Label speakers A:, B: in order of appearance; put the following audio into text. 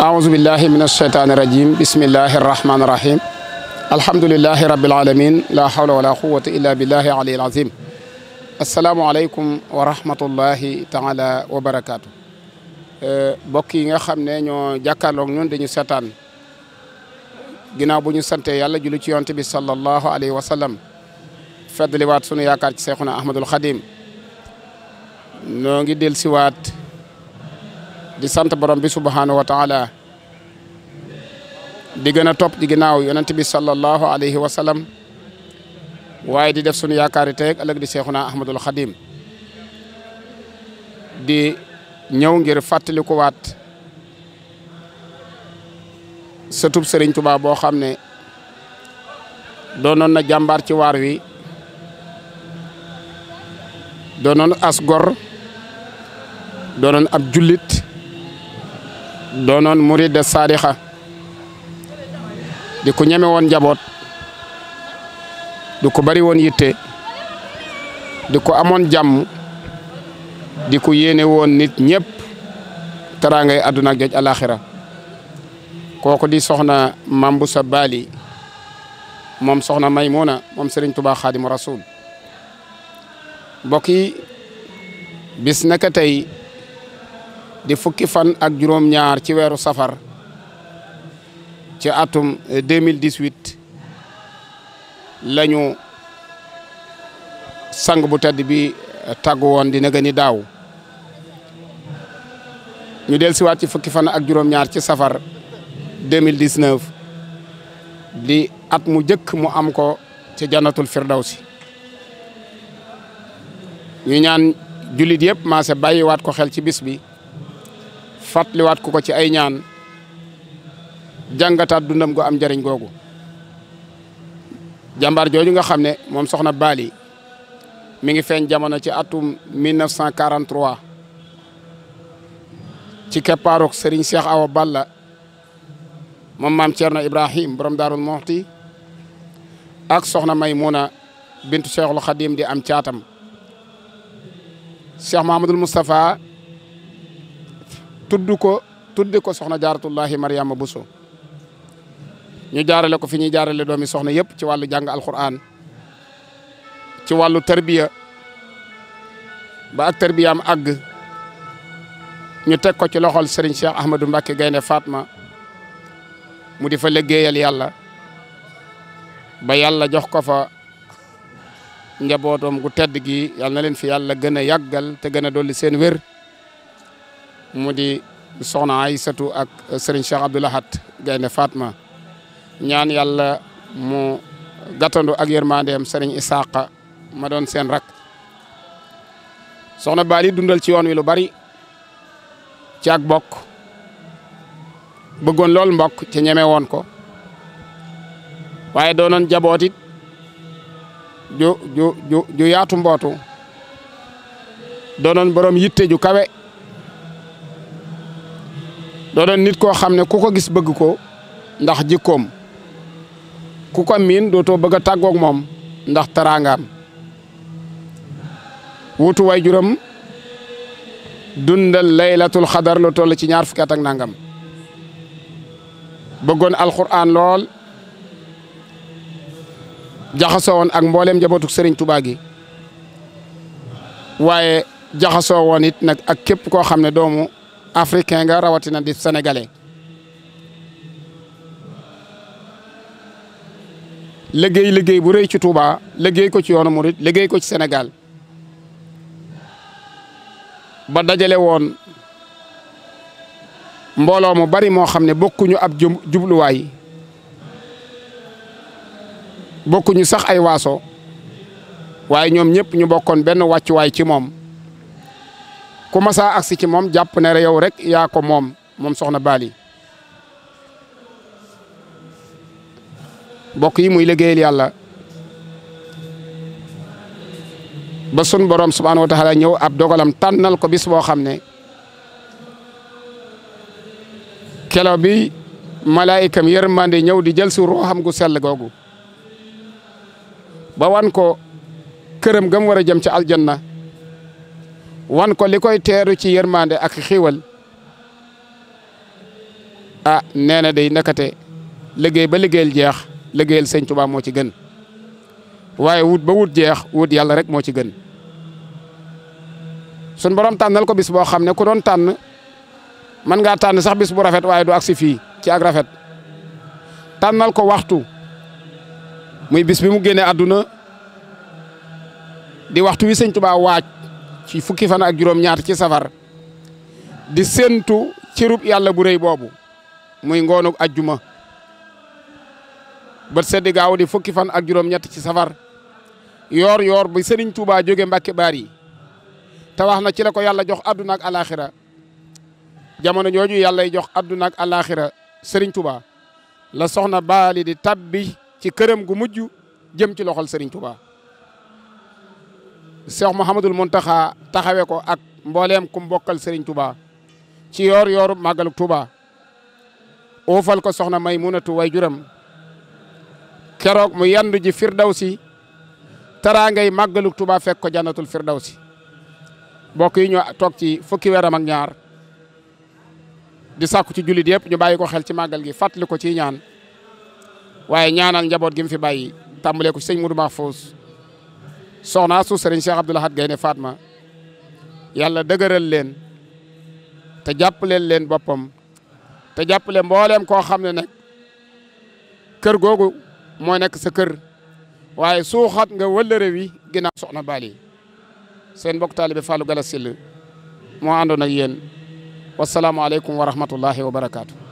A: أعوذ بالله من الشيطان الرجيم بسم الله الرحمن الرحيم الحمد لله رب العالمين لا حول ولا قوة إلا بالله علي العظيم السلام عليكم ورحمة الله تعالى وبركاته mbokk yi nga xam ne ñoo jàkkaarloog ñun dañu seetaan bu ñu sante yàlla julli ci yonte bi sallallahu alayhi wa sallam sunu yaakaar ci Seexuna Ahmadul Xadim noo ngi dellusiwaat di sant borom bi subhaanahu wa taala di gën a topp di ginnaaw yonent bi sallallahu alayhi wa sallam waaye di def sunu yaakaari teeg ëllëg di seexuna ahmadul xadim di ñëw ngir fàttaliku waat sëtub sëriñ Tuubaa boo xam ne doonoon na jàmbaar ci waar wi doonoon as gor doonoon ab jullit doonoon murid de sadixa di ku ñeme woon njaboot di ku bari woon yitte di ku amoon jàmm di ku yéene woon nit ñëpp teraangay àdduna ak alaxira kooku di soxna Mame Bousso Bally moom soxna Maymuna moom Serigne Touba Xaadimu Rasuul mbokk yi bis tey. di fukki fan ak juróom-ñaar ci weeru safar ci atum 2018 la ñu sang bu tedd bi tàggu woon di naga daaw ñu del siwaat ci fukki fan ak juróom-ñaar ci safar 2019 di at mu jëkk mu am ko ci jannatul firdawsi ñu ñaan jullit yëpp maase bàyyiwaat ko xel ci bis bi fàttaliwaat ku ko ci ay ñaan jàngataat dundam gu am njëriñ googu jàmbaar jooju nga xam ne moom soxna Bali mi ngi feeñ jamono ci atum 1943 ci keppaaruk Serigne Cheikh awo Balla moom maam Thierno Ibrahim borom Daarul Moxti ak soxna Maymuna bintu Cheikhul Khadim di am caatam Cheikh Mahamadul Moustapha tudd ko tuddi ko soxna jaaratullahi Mariama Bousso ñu jaarale ko fi ñuy jaarale doomi soxna yëpp ci wàllu jàng alquran ci wàllu tarbiya ba ak tarbiyaam àgg ñu teg ko ci loxol Serigne Cheikh Ahmadou Mbacke Gaynde faatma mu di fa liggéeyal yàlla ba yàlla jox ko fa njabootam gu tedd gi yàlla na leen fi yàlla gën a yàggal te gën a dolli seen wér mu di soxna Aysatu ak sëriñ Cheikh Abdou Lahad Gaynde Fatma ñaan yàlla mu gàttandu ak yërmandeem sëriñ Isaaqa ma doon seen rak soxna Bali dundal ci yoon wi lu bari ci ak bokk bëggoon lool mbokk ci ñeme woon ko waaye doonoon jaboot it ju ju ju yaatu mbootu doonoon borom yitte ju kawe. doo nit koo xam ne ku ko gis bëgg ko ndax jikkoom ku ko miin dootoo bëgg a tàggoog moom ndax taraangaam wutu waajuram dundal laylatul xadar lu toll ci ñaar fukki at ak nangam bëggoon alxuraan lool jaxasoo woon ak mbooleem njabootuk sëriñ Tuubaa yi waaye jaxasoo woonit nag ak képp koo xam ne doomu africain nga rawatina di sénégalais liggéey liggéey bu rëy ci Touba liggéey ko ci yoonu murit liggéey ko ci Sénégal ba dajale woon mbooloo mu bari moo xam ne bokkuñu ab jubluwaay bokkuñu sax ay waaso waaye ñoom ñëpp ñu bokkoon benn wàccuwaay ci moom ku masaa agsi ci moom jàpp ne yow rek yaa ko moom moom soxna Bali bokk yi muy liggéeyal yàlla ba sun borom subhaanahu wa taala ñëw ab dogalam tànnal ko bis boo xam ne kelo bi malaayikam yërmande ñëw di jël si ruuxam gu sell googu ba wan ko këram gam war a jëm ci aljanna wan ko li koy teeru ci yërmande ak xiiwal a ah, nee na day nakate liggéey ba liggéeyal jeex liggéeyal sëñ Tuubaa moo ci gën waaye wut ba wut jeex wut yàlla rek moo ci gën sun borom tànnal ko bis boo xam ne ku doon tànn mën ngaa tànn sax bis bu rafet waaye du si fii ci ak rafet tànnal ko waxtu muy bis bi mu génne àdduna di waxtu wi sëñ Tuubaa waaj ci fukki fan ak juróom-ñaar ci safar di séentu cërub yàlla bu rëy boobu muy ngoonu ajjuma bët seddi di fukki fan ak juróom-ñett ci safar yoor yoor bi Serigne Touba jóge Mbàkke Baari te na ci la ko yàlla jox adduna ak alaxira jamono jooju yàlla jox adduna ak alaxira la soxna baali di tabbi ci këram gu mujj jëm ci loxol Serigne Cheikh Mouhamadul taxa taxawe ko ak mbooleem kum bokkal sëriñ Touba ci yoor yooru màggalu Touba uufal ko soxna Maymunatu waajuram keroog mu yandu ji firdawsi taraangay màggalu Touba fekk ko jannatul firdawsi mbokk yi ñu toog ci fukki weeram ak ñaar di sàkku ci jullit yëpp ñu bàyyi ko xel ci màggal gi fàttali ko ciy ñaan waaye ñaanal njaboot gi fi bàyyi tàmbalee ko ci sëñ Moudou Mahfouz soxnaa su sëriñ Cheikh Abdou Lahad Gaynde Fatma yàlla dëgëral leen te jàppaleel leen boppam te jàppale mbooleem koo xam ne nag kër googu moo nekk sa kër waaye suuxat nga wëllëre wi ginnaaw soxna Bali seen mbokk taalibe Fallou gala sil moo àndoon ak yéen wasalaamualeykum wa rahmatullahi wa barakaatu.